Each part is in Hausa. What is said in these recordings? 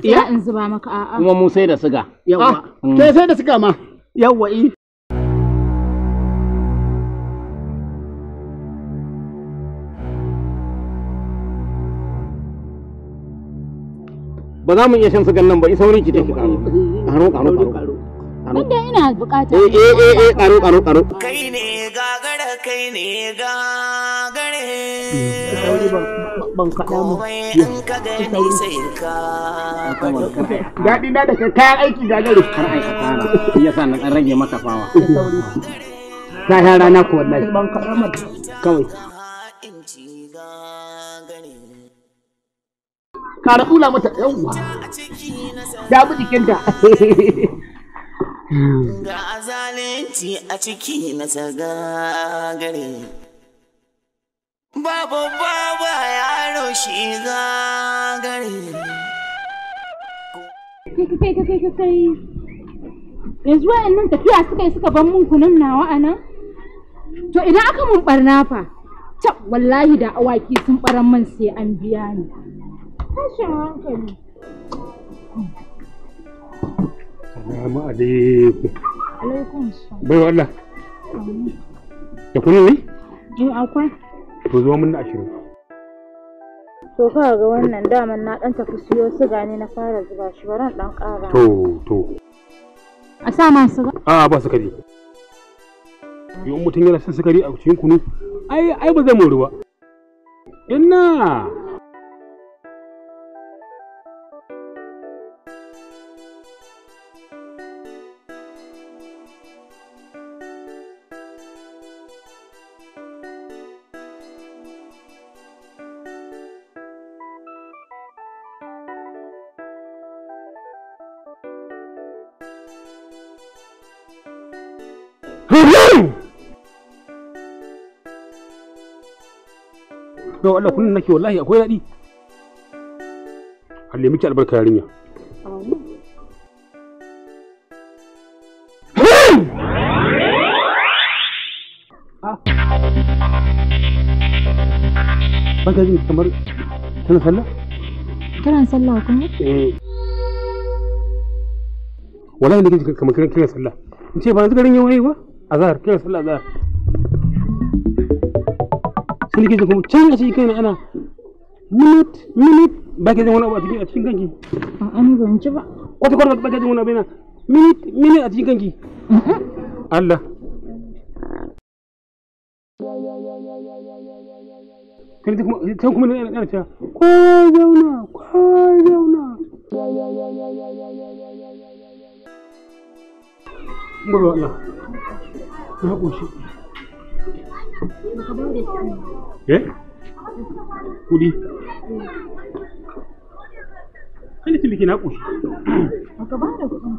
zan tsaya in zuba maka a'a kuma mu sai da siga yawa kai ah. mm. sai da siga ma yawa eh ba za mu iya shan sigan nan ba isa wurin ki take karo karo karo karo wanda ina bukata eh eh eh karo karo karo kai ne gagara kai ne gagare ban faɗa mu daɗi na da kayan aiki ga gari kar ai kasara ya sa na rage maka fawa ta ya rana ko wallahi ban karamar kawai ka raɗula mata yawwa da bi jikinta ga zalunci a ciki na gare Babu babu yaro za gare. Kai kai kai kai kai yanzu nan tafiya suka yi suka ban mun nan nawa a nan? To idan aka mun barna fa, ta wallahi da awaki sun baran man sai an biya ni. Tashin hankali. Salamu alaikum. Alaikum salam. Bai wallah. Da kunu ne? Eh akwai. to zuwa mun ashirin to kawo ga wannan daman na dan tafi siyo siga ne na fara zuba shi baran dan ƙara to to a sa ma ba. a ba sukari yau mutum yana son sukari a cikin kunu ai ai ba zai mori ba ina Ibrahim! Yau Allah kunin nake wallahi akwai daɗi. Allah miki albarka yarinya. Ah! Baka jin kamar tana sallah? Tana sallah kuma? Eh. Wallahi nake kamar kiran sallah. In ce ba yanzu garin ba? azhar kiran sallah azhar sai nake kuma can a cikin kaina ana minute minute ba ke jin wani abu a cikin a cikin kanki An an ban ji ba kwata kwata ba ke jin wani abu yana minute minute a cikin kanki Allah sai kuma sai kuma ne ana cewa ko zauna ko zauna Gudu Allah. Na ƙoshi. Eh? Kudi. Kani na ƙoshi. Baka ba da kuɗin.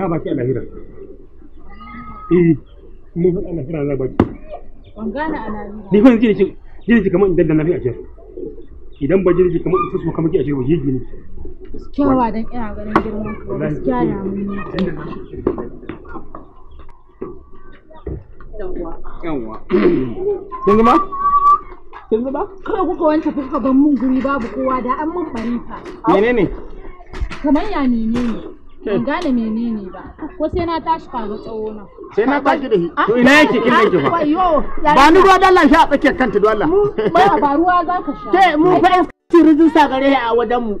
Na baki a lahira. Eh, baki. Ban gane a lahira. Ni kamar in a jiyar. Idan ba jirgi kamar in taso kyawa don ina ganin girman ku gaskiya na mun kin kin kawai kuka wanke kuka ban mun guri babu kowa da an mun bari fa menene kamar ya menene ban gane menene ba ko sai na tashi kaga tsawo na sai na tashi da ah, to ina yake kin yake fa ba ni ruwa dalla sha tsakiyar kanta dalla ba ruwa za ka sha ke mu fa in gare a wajen mu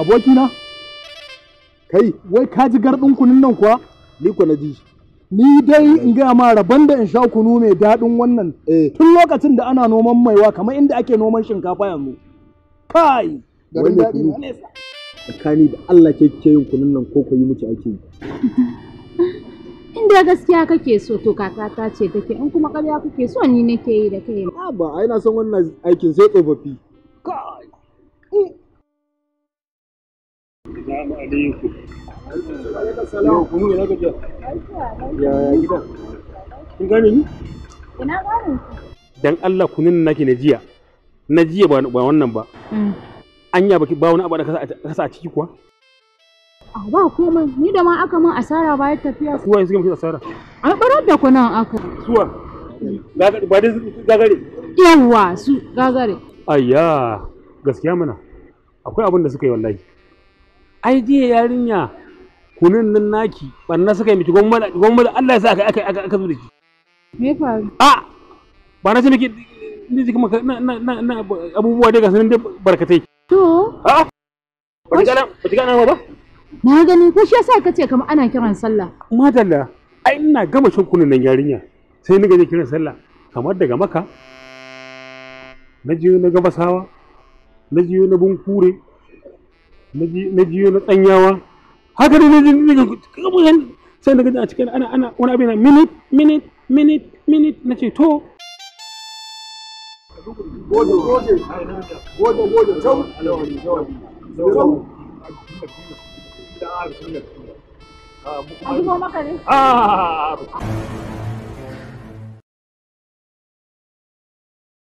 abokina kai wai ka ji garɗin kunun nan kuwa ni ku na ji ni dai in gaya ma rabon da in sha kunu mai daɗin wannan eh. tun lokacin da ana noman maiwa kamar inda ake noman shinkafa yanzu kai garin daɗi na nesa tsakani da Allah ke kike yin kunun nan ko ku yi miki ake inda gaskiya kake so to ta ce take in kuma ƙarya kuke so ni nake yi da kai ba ai na san wannan aikin sai tsofaffi Assalamu alaikum. Yau kuma ina gida? Kin gane ni? Ina Dan Allah kunin nake na jiya. Na jiya ba wannan ba. Mm. Anya baki ba wani abu da kasa a ciki kuwa? A ah, ba komai, ni da ma aka min asara bayan tafiya. Kuwa yanzu miki asara? An barar da ku nan aka. Suwa? Ba dai gagare. Yawwa su gagare. Ayya, gaskiya mana. Akwai abin da suka yi wallahi. ai jiya yarinya kunun nan naki barna suka yi miki gwamnati gwamnati Allah ya sa aka aka aka zo da shi me faru a ba na ce miki ni ji kuma na na na abubuwa daga sanin da barkatai to a wata kana wata kana ba na gani ko shi yasa kace kamar ana kiran sallah madalla ai ina gama shan kunun nan yarinya sai ni gaje kiran sallah kamar daga maka na jiyo na gabasawa na jiyo na bunkure na jiyo na tsanyawa haka da zai zai kaga mun sai daga a cikin ana ana wani abin minute minute minute minute na ce to